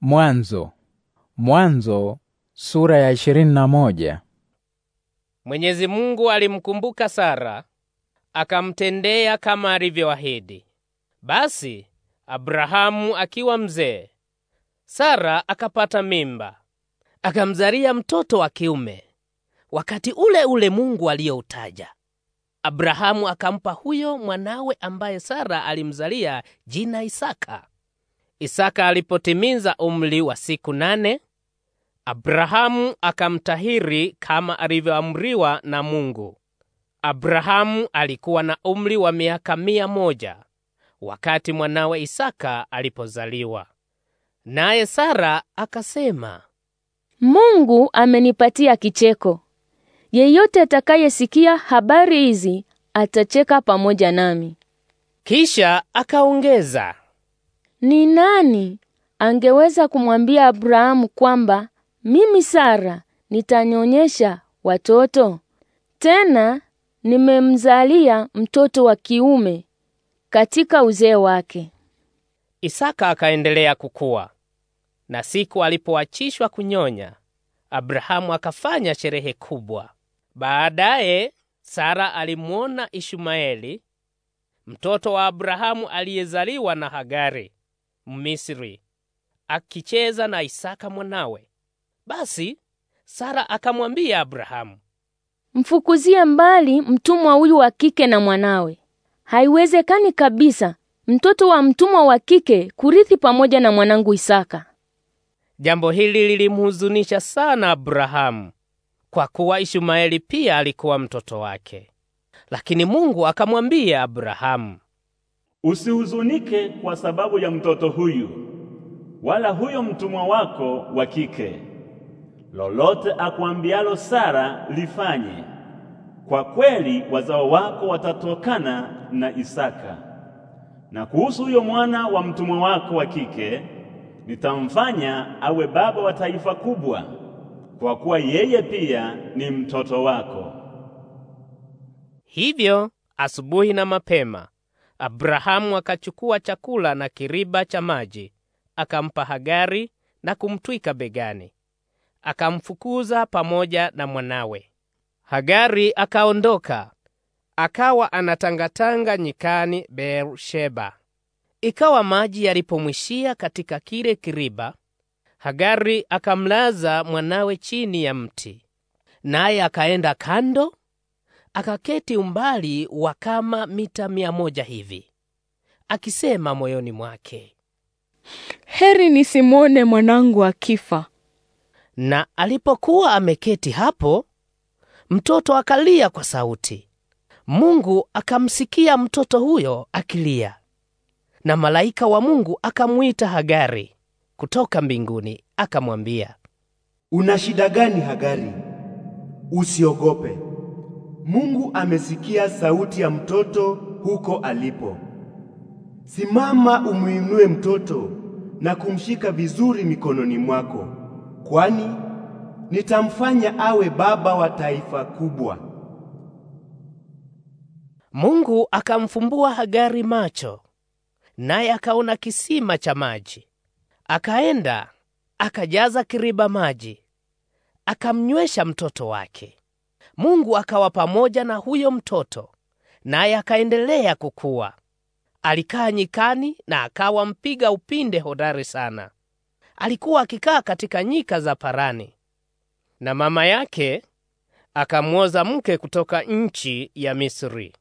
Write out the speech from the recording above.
Mwanzo. Mwanzo sura ya na moja. Mwenyezi Mungu alimkumbuka Sara akamtendea kama alivyoahidi. Basi Abrahamu akiwa mzee, Sara akapata mimba, akamzalia mtoto wa kiume wakati ule ule Mungu aliyoutaja. Abrahamu akampa huyo mwanawe ambaye Sara alimzalia jina Isaka. Isaka alipotimiza umri wa siku nane, Abrahamu akamtahiri kama alivyoamriwa na Mungu. Abrahamu alikuwa na umri wa miaka mia moja wakati mwanawe Isaka alipozaliwa. Naye Sara akasema, Mungu amenipatia kicheko. Yeyote atakayesikia habari hizi atacheka pamoja nami. Kisha akaongeza, ni nani angeweza kumwambia Abrahamu kwamba mimi Sara nitanyonyesha watoto? Tena nimemzalia mtoto wa kiume katika uzee wake. Isaka akaendelea kukua. Na siku alipoachishwa kunyonya, Abrahamu akafanya sherehe kubwa. Baadaye Sara alimuona Ishmaeli, mtoto wa Abrahamu aliyezaliwa na Hagari. Mmisri akicheza na Isaka mwanawe. Basi Sara akamwambia Abrahamu, mfukuzie mbali mtumwa huyu wa kike na mwanawe. Haiwezekani kabisa mtoto wa mtumwa wa kike kurithi pamoja na mwanangu Isaka. Jambo hili lilimhuzunisha sana Abrahamu, kwa kuwa ishumaeli pia alikuwa mtoto wake. Lakini Mungu akamwambia Abrahamu, Usihuzunike kwa sababu ya mtoto huyu wala huyo mtumwa wako wa kike. Lolote akwambialo Sara lifanye, kwa kweli wazao wako watatokana na Isaka. Na kuhusu huyo mwana wa mtumwa wako wa kike, nitamfanya awe baba wa taifa kubwa, kwa kuwa yeye pia ni mtoto wako. Hivyo asubuhi na mapema Abrahamu akachukua chakula na kiriba cha maji, akampa Hagari na kumtwika begani, akamfukuza pamoja na mwanawe. Hagari akaondoka akawa anatangatanga nyikani Beersheba. Ikawa maji yalipomwishia katika kile kiriba, Hagari akamlaza mwanawe chini ya mti, naye akaenda kando akaketi umbali wa kama mita mia moja hivi, akisema moyoni mwake, heri nisimwone mwanangu akifa. Na alipokuwa ameketi hapo, mtoto akalia kwa sauti. Mungu akamsikia mtoto huyo akilia, na malaika wa Mungu akamwita Hagari kutoka mbinguni, akamwambia, una shida gani Hagari? Usiogope, Mungu amesikia sauti ya mtoto huko alipo. Simama umuinue mtoto na kumshika vizuri mikononi mwako, kwani nitamfanya awe baba wa taifa kubwa. Mungu akamfumbua Hagari macho, naye akaona kisima cha maji. Akaenda akajaza kiriba maji, akamnywesha mtoto wake. Mungu akawa pamoja na huyo mtoto, naye akaendelea kukua. Alikaa nyikani na akawa mpiga upinde hodari sana. Alikuwa akikaa katika nyika za Parani. Na mama yake akamwoza mke kutoka nchi ya Misri.